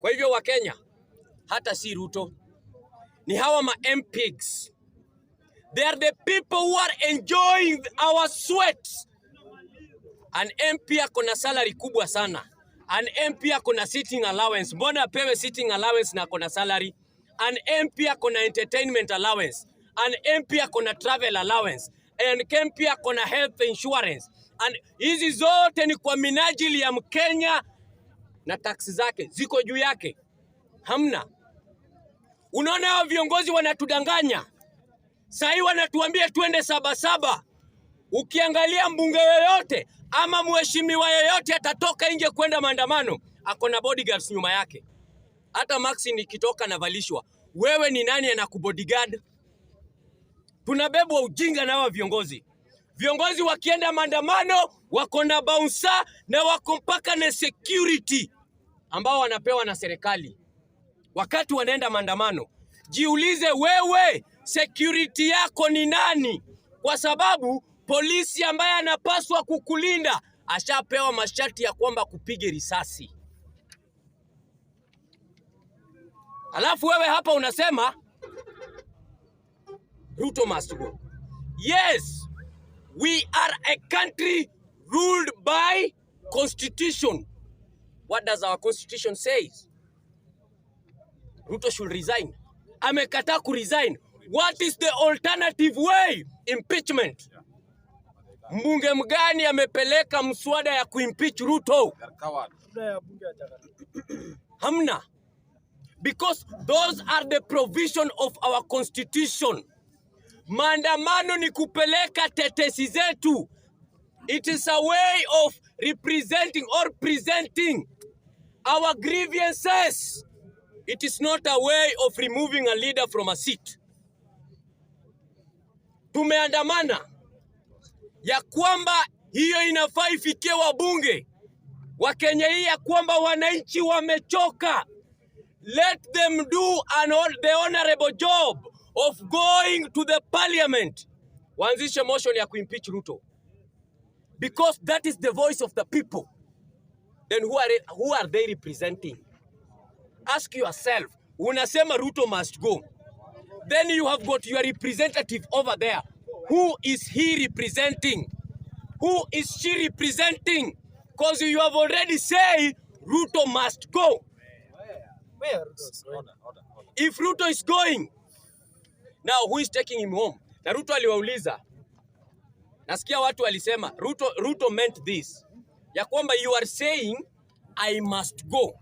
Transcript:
Kwa hivyo Wakenya, hata si Ruto, ni hawa ma MPs. They are the people who are enjoying our sweat. An MP ako na salary kubwa sana. An MP ako na sitting allowance. Mbona apewe sitting allowance na ako na salary? An MP ako na entertainment allowance. An MP ako na travel allowance. An MP ako na health insurance. And hizi zote ni kwa minajili ya Mkenya na taksi zake ziko juu yake, hamna. Unaona, hao viongozi wanatudanganya sahii, wanatuambia tuende sabasaba. Ukiangalia mbunge yoyote ama mheshimiwa yoyote atatoka nje kwenda maandamano, ako na bodyguards nyuma yake. Hata Max nikitoka navalishwa, wewe ni nani anakubodyguard? Tunabebwa ujinga na hawa viongozi. Viongozi wakienda maandamano wako na bouncer na wako mpaka na security ambao wanapewa na serikali wakati wanaenda maandamano. Jiulize wewe, security yako ni nani? Kwa sababu polisi ambaye anapaswa kukulinda ashapewa masharti ya kwamba kupige risasi, alafu wewe hapa unasema Ruto must go. Yes, We are a country ruled by constitution. What does our constitution say? Ruto should resign. amekata ku resign. What is the alternative way? Impeachment. Mbunge mgani amepeleka mswada ya kuimpeach Ruto? Hamna. Because those are the provision of our constitution. Maandamano ni kupeleka tetesi zetu. It is a way of representing or presenting our grievances. It is not a way of removing a leader from a seat. Tumeandamana ya kwamba hiyo inafaa ifikie wabunge wa Kenya hii ya kwamba wananchi wamechoka. Let them do an, the honorable job of going to the parliament waanzishe motion ya kuimpeach Ruto because that is the voice of the people then who are, who are they representing ask yourself unasema Ruto must go then you have got your representative over there who is he representing who is she representing because you have already said Ruto must go where, where? If Ruto is going, Now who is taking him home? Na Ruto aliwauliza, nasikia watu walisema Ruto, Ruto meant this ya kwamba you are saying I must go